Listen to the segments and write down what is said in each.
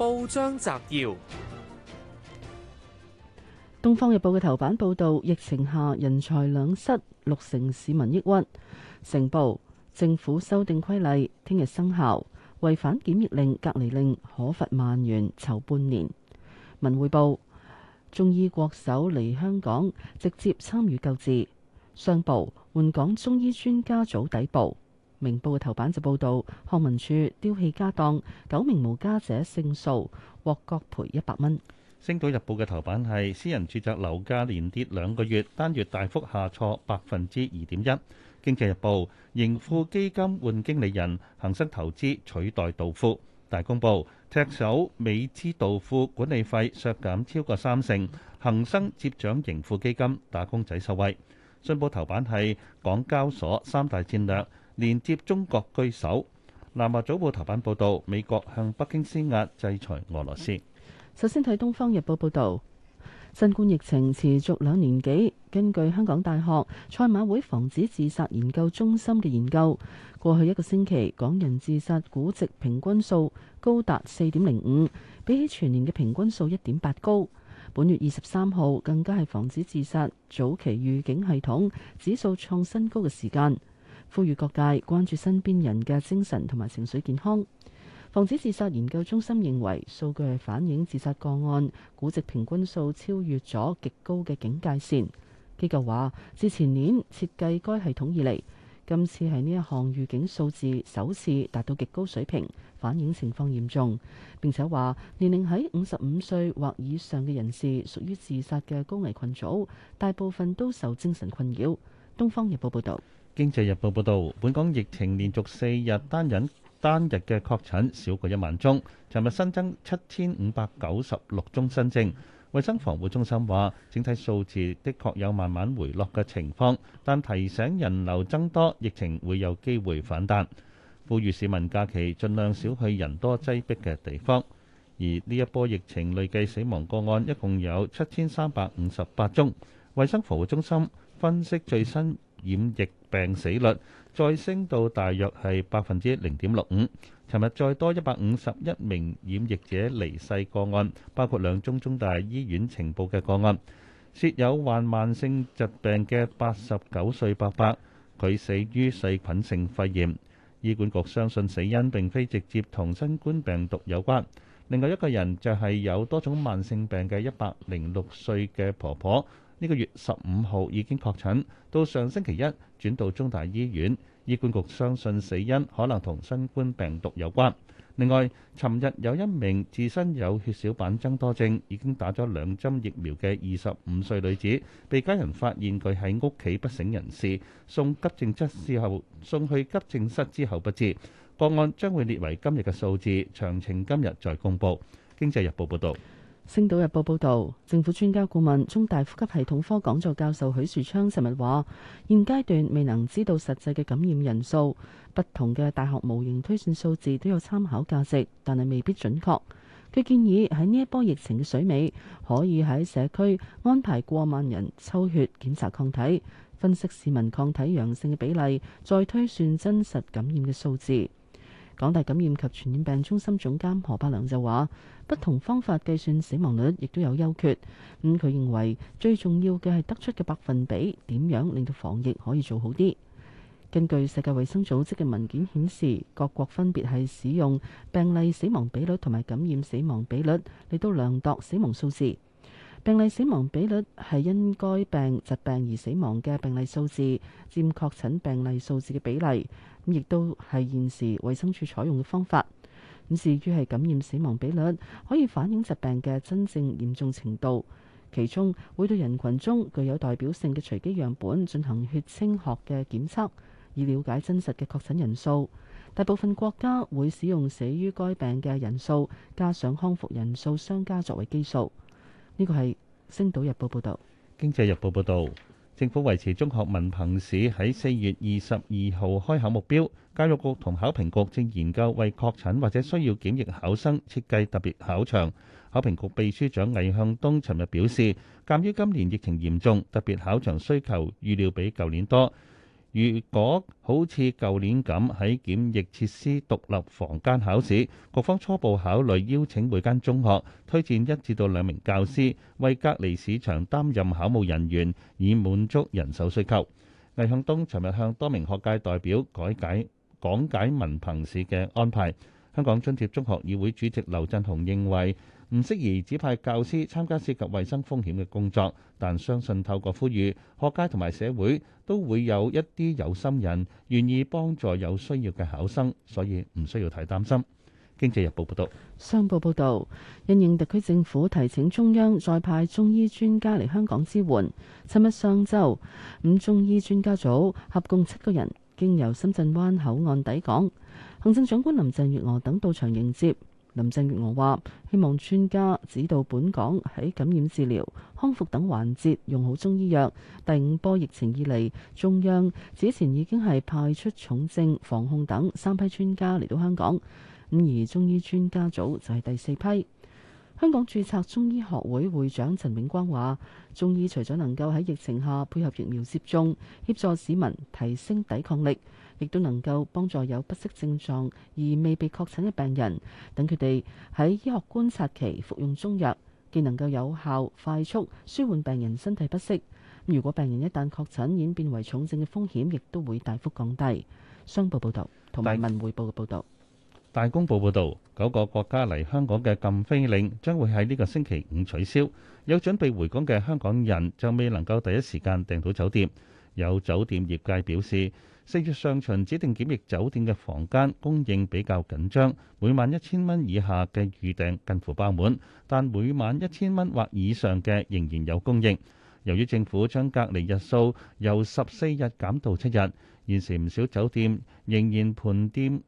報章摘要：《東方日報》嘅頭版報道，疫情下人才兩失，六成市民抑鬱。成報政府修訂規例，聽日生效，違反檢疫令、隔離令可罰萬元，囚半年。文匯報中醫國手嚟香港，直接參與救治。商報援港中醫專家組抵埗。明報嘅頭版就報道，康文署丟棄家當，九名無家者勝訴，獲各賠一百蚊。星島日報嘅頭版係私人住宅樓價連跌兩個月，單月大幅下挫百分之二點一。經濟日報盈富基金換經理人，恒生投資取代道富。大公報踢走美資道富，管理費削減超過三成，恒生接掌盈富基金打工仔受惠。信報頭版係港交所三大戰略。連接中國居首。南華早報頭版報導，美國向北京施壓制裁俄羅斯。首先睇《東方日報》報導，新冠疫情持續兩年幾。根據香港大學賽馬會防止自殺研究中心嘅研究，過去一個星期，港人自殺估值平均數高達四點零五，比起全年嘅平均數一點八高。本月二十三號更加係防止自殺早期預警系統指數創新高嘅時間。呼籲各界關注身邊人嘅精神同埋情緒健康。防止自殺研究中心認為，數據係反映自殺個案估值平均數超越咗極高嘅警戒線。機構話，自前年設計該系統以嚟，今次係呢一項預警數字首次達到極高水平，反映情況嚴重。並且話，年齡喺五十五歲或以上嘅人士屬於自殺嘅高危群組，大部分都受精神困擾。《東方日報》報導。經濟日報報導，本港疫情連續四日單人單日嘅確診少過一萬宗。尋日新增七千五百九十六宗新症，衞生防護中心話，整體數字的確有慢慢回落嘅情況，但提醒人流增多，疫情會有機會反彈。呼籲市民假期盡量少去人多擠逼嘅地方。而呢一波疫情累計死亡個案一共有七千三百五十八宗。衞生防護中心分析最新染疫病死率再升到大約係百分之零點六五。尋日再多一百五十一名染疫者離世個案，包括兩宗中大醫院呈報嘅個案，涉有患慢性疾病嘅八十九歲伯伯，佢死於細菌性肺炎。醫管局相信死因並非直接同新冠病毒有關。另外一個人就係有多種慢性病嘅一百零六歲嘅婆婆。呢個月十五號已經確診，到上星期一轉到中大醫院，醫管局相信死因可能同新冠病毒有關。另外，尋日有一名自身有血小板增多症、已經打咗兩針疫苗嘅二十五歲女子，被家人發現佢喺屋企不省人事，送急症室之後送去急症室之後不治。個案將會列為今日嘅數字，詳情今日再公布。經濟日報報導。星島日報報道，政府專家顧問、中大呼吸系統科講座教授許樹昌尋日話，現階段未能知道實際嘅感染人數，不同嘅大學模型推算數字都有參考價值，但係未必準確。佢建議喺呢一波疫情嘅水尾，可以喺社區安排過萬人抽血檢查抗體，分析市民抗體陽性嘅比例，再推算真實感染嘅數字。港大感染及傳染病中心總監何柏良就話：不同方法計算死亡率，亦都有優缺。咁、嗯、佢認為最重要嘅係得出嘅百分比點樣令到防疫可以做好啲。根據世界衛生組織嘅文件顯示，各國分別係使用病例死亡比率同埋感染死亡比率嚟到量度死亡數字。病例死亡比率係因該病疾病而死亡嘅病例數字佔確診病例數字嘅比例，咁亦都係現時衞生署採用嘅方法。咁至於係感染死亡比率，可以反映疾病嘅真正嚴重程度。其中會對人群中具有代表性嘅隨機樣本進行血清學嘅檢測，以了解真實嘅確診人數。大部分國家會使用死於該病嘅人數加上康復人數相加作為基數。呢個係《星島日報》報導，《經濟日報》報導，政府維持中學文憑試喺四月二十二號開考目標。教育局同考評局正研究為確診或者需要檢疫考生設計特別考場。考評局秘書長魏向東尋日表示，鑑於今年疫情嚴重，特別考場需求預料比舊年多。如果好似舊年咁喺檢疫設施獨立房間考試，局方初步考慮邀請每間中學推薦一至到兩名教師為隔離試場擔任考務人員，以滿足人手需求。魏向東尋日向多名學界代表改解講解文憑試嘅安排。香港津貼中學議會主席劉振雄認為，唔適宜指派教師參加涉及衞生風險嘅工作，但相信透過呼籲，學界同埋社會都會有一啲有心人願意幫助有需要嘅考生，所以唔需要太擔心。經濟日報報道，商報報道，因應特區政府提請中央再派中醫專家嚟香港支援，尋日上晝五中醫專家組合共七個人經由深圳灣口岸抵港，行政長官林鄭月娥等到場迎接。林鄭月娥話：希望專家指導本港喺感染治療、康復等環節用好中醫藥。第五波疫情以嚟，中央此前已經係派出重症防控等三批專家嚟到香港，咁而中醫專家組就係第四批。香港註冊中醫學會會長陳永光話：中醫除咗能夠喺疫情下配合疫苗接種，協助市民提升抵抗力。亦都能夠幫助有不適症狀而未被確診嘅病人，等佢哋喺醫學觀察期服用中藥，既能夠有效快速舒緩病人身體不適。咁如果病人一旦確診演變為重症嘅風險，亦都會大幅降低。商報報導同埋文匯報嘅報導，大公報報導，九個國家嚟香港嘅禁飛令將會喺呢個星期五取消。有準備回港嘅香港人就未能夠第一時間訂到酒店。有酒店業界表示，四月上旬指定檢疫酒店嘅房間供應比較緊張，每晚一千蚊以下嘅預訂近乎爆滿，但每晚一千蚊或以上嘅仍然有供應。由於政府將隔離日數由十四日減到七日，現時唔少酒店仍然盤點，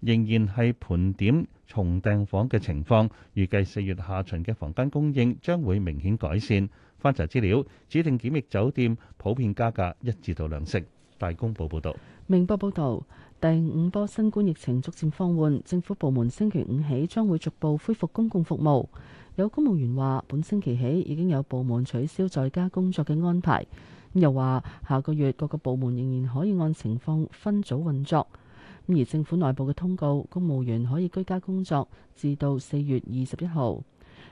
仍然係盤點重訂房嘅情況，預計四月下旬嘅房間供應將會明顯改善。翻查資料，指定檢疫酒店普遍加價一至到兩成。大公報報道，明報報道，第五波新冠疫情逐漸放緩，政府部門星期五起將會逐步恢復公共服務。有公務員話，本星期起已經有部門取消在家工作嘅安排，又話下個月各個部門仍然可以按情況分組運作。而政府內部嘅通告，公務員可以居家工作至到四月二十一號。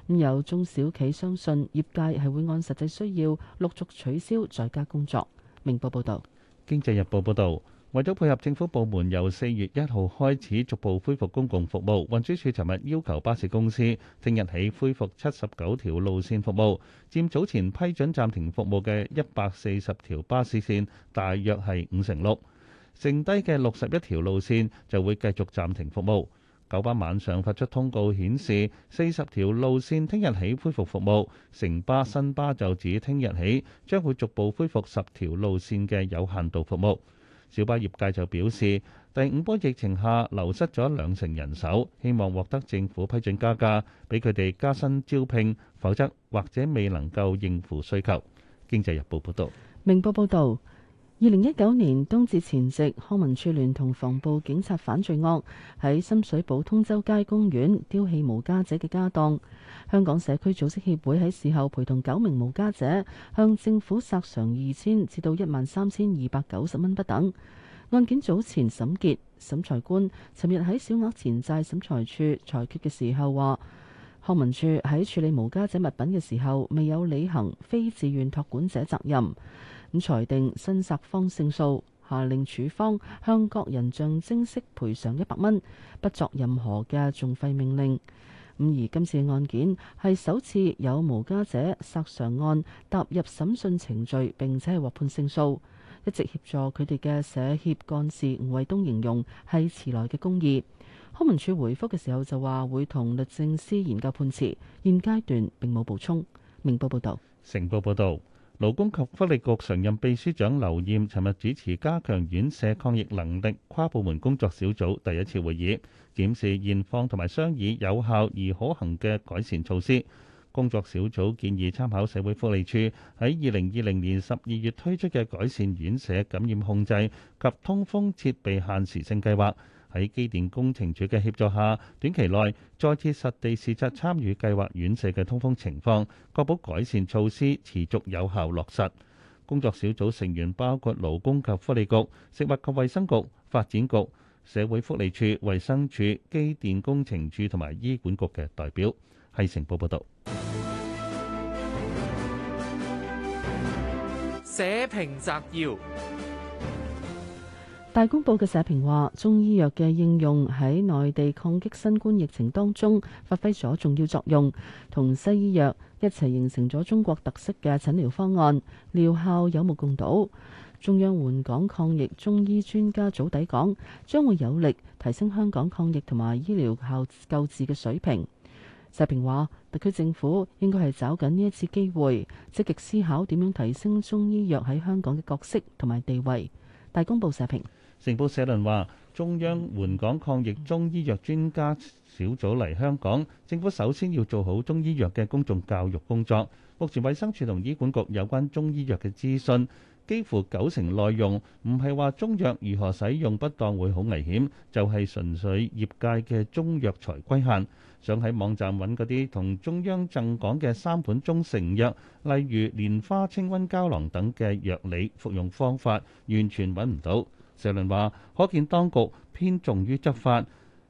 有中小企相信業界係會按實際需要陸續取消在家工作。明報報道。經濟日報報導，為咗配合政府部門由四月一號開始逐步恢復公共服務，運輸署尋日要求巴士公司聽日起恢復七十九條路線服務，佔早前批准暫停服務嘅一百四十條巴士線，大約係五成六，剩低嘅六十一條路線就會繼續暫停服務。九巴晚上發出通告，顯示四十條路線聽日起恢復服務；城巴、新巴就指聽日起將會逐步恢復十條路線嘅有限度服務。小巴業界就表示，第五波疫情下流失咗兩成人手，希望獲得政府批准加價，俾佢哋加薪招聘，否則或者未能夠應付需求。經濟日報報導，明報報導。二零一九年冬至前夕，康文署聯同防暴警察反罪惡，喺深水埗通州街公園丟棄無家者嘅家當。香港社區組織協會喺事後陪同九名無家者，向政府索償二千至到一萬三千二百九十蚊不等。案件早前審結，審裁官尋日喺小額錢債審裁處裁決嘅時候話，康文署喺處理無家者物品嘅時候，未有履行非自願託管者責任。咁裁定申索方勝訴，下令處方向各人象徵式賠償一百蚊，不作任何嘅訟費命令。咁而今次案件係首次有無家者申索案踏入審訊程序，並且係獲判勝訴。一直協助佢哋嘅社協幹事吳衛東形容係遲來嘅公義。康文署回覆嘅時候就話會同律政司研究判詞，現階段並冇補充。明報報道。成報報導。勞工及福利局常任秘書長劉焰尋日主持加強院舍抗疫能力跨部門工作小組第一次會議，檢視現況同埋商議有效而可行嘅改善措施。工作小組建議參考社會福利處喺二零二零年十二月推出嘅改善院舍感染控制及通風設備限時性計劃。喺機電工程署嘅協助下，短期內再次實地視察參與計劃院舍嘅通風情況，確保改善措施持續有效落實。工作小組成員包括勞工及福利局、食物及衛生局、發展局、社會福利署、衛生署、機電工程署同埋醫管局嘅代表。係成報報道。社評摘要。大公報嘅社評話：中醫藥嘅應用喺內地抗擊新冠疫情當中發揮咗重要作用，同西醫藥一齊形成咗中國特色嘅診療方案，療效有目共睹。中央援港抗疫中醫專家組抵港，將會有力提升香港抗疫同埋醫療效救治嘅水平。社評話：特區政府應該係抓緊呢一次機會，積極思考點樣提升中醫藥喺香港嘅角色同埋地位。大公報社評。成報社論話：中央援港抗疫中醫藥專家小組嚟香港，政府首先要做好中醫藥嘅公眾教育工作。目前，衛生署同醫管局有關中醫藥嘅資訊，幾乎九成內容唔係話中藥如何使用不當會好危險，就係純粹業界嘅中藥材規限。想喺網站揾嗰啲同中央贈港嘅三款中成藥，例如蓮花清瘟膠囊等嘅藥理服用方法，完全揾唔到。社論話，可見當局偏重於執法，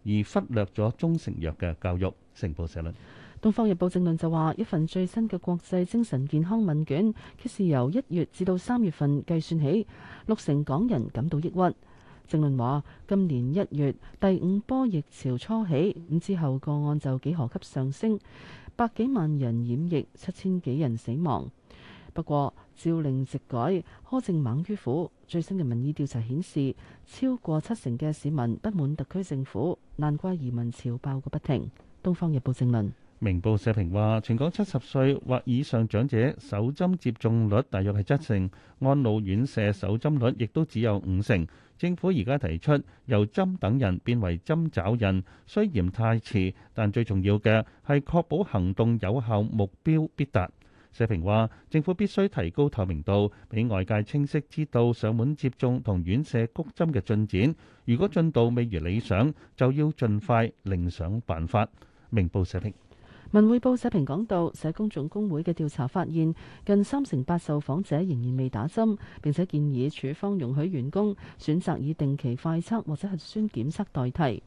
而忽略咗中成藥嘅教育。成報社論，《東方日報》正論就話，一份最新嘅國際精神健康問卷，佢是由一月至到三月份計算起，六成港人感到抑鬱。正論話，今年一月第五波疫潮初起，咁之後個案就幾何級上升，百幾萬人染疫，七千幾人死亡。不過，朝令夕改，苛政猛於虎。最新嘅民意調查顯示，超過七成嘅市民不滿特區政府，難怪移民潮爆個不停。《東方日報》正論，《明報》社評話：全港七十歲或以上長者首針接種率大約係七成，安老院舍首針率亦都只有五成。政府而家提出由針等人變為針找人，雖然太遲，但最重要嘅係確保行動有效，目標必達。社評話，政府必須提高透明度，俾外界清晰知道上門接種同院舍谷針嘅進展。如果進度未如理想，就要盡快另想辦法。明報社評。文匯報社評講到，社工總工會嘅調查發現，近三成八受訪者仍然未打針，並且建議處方容許員工選擇以定期快測或者核酸檢測代替。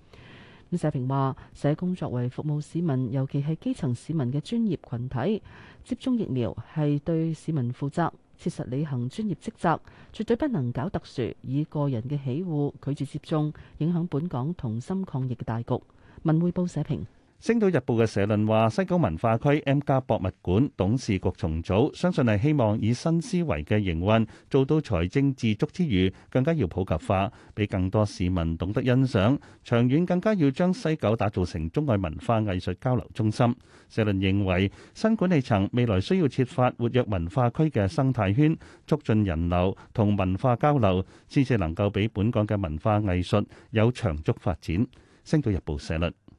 社評話，社工作為服務市民，尤其係基層市民嘅專業群體，接種疫苗係對市民負責，切實履行專業職責，絕對不能搞特殊，以個人嘅喜惡拒絕接種，影響本港同心抗疫嘅大局。文匯報社評。星島日報嘅社論話：西九文化區 M 加博物館董事局重組，相信係希望以新思維嘅營運，做到財政自足之餘，更加要普及化，俾更多市民懂得欣賞。長遠更加要將西九打造成中外文化藝術交流中心。社論認為，新管理層未來需要設法活躍文化區嘅生態圈，促進人流同文化交流，先至能夠俾本港嘅文化藝術有長足發展。星島日報社論。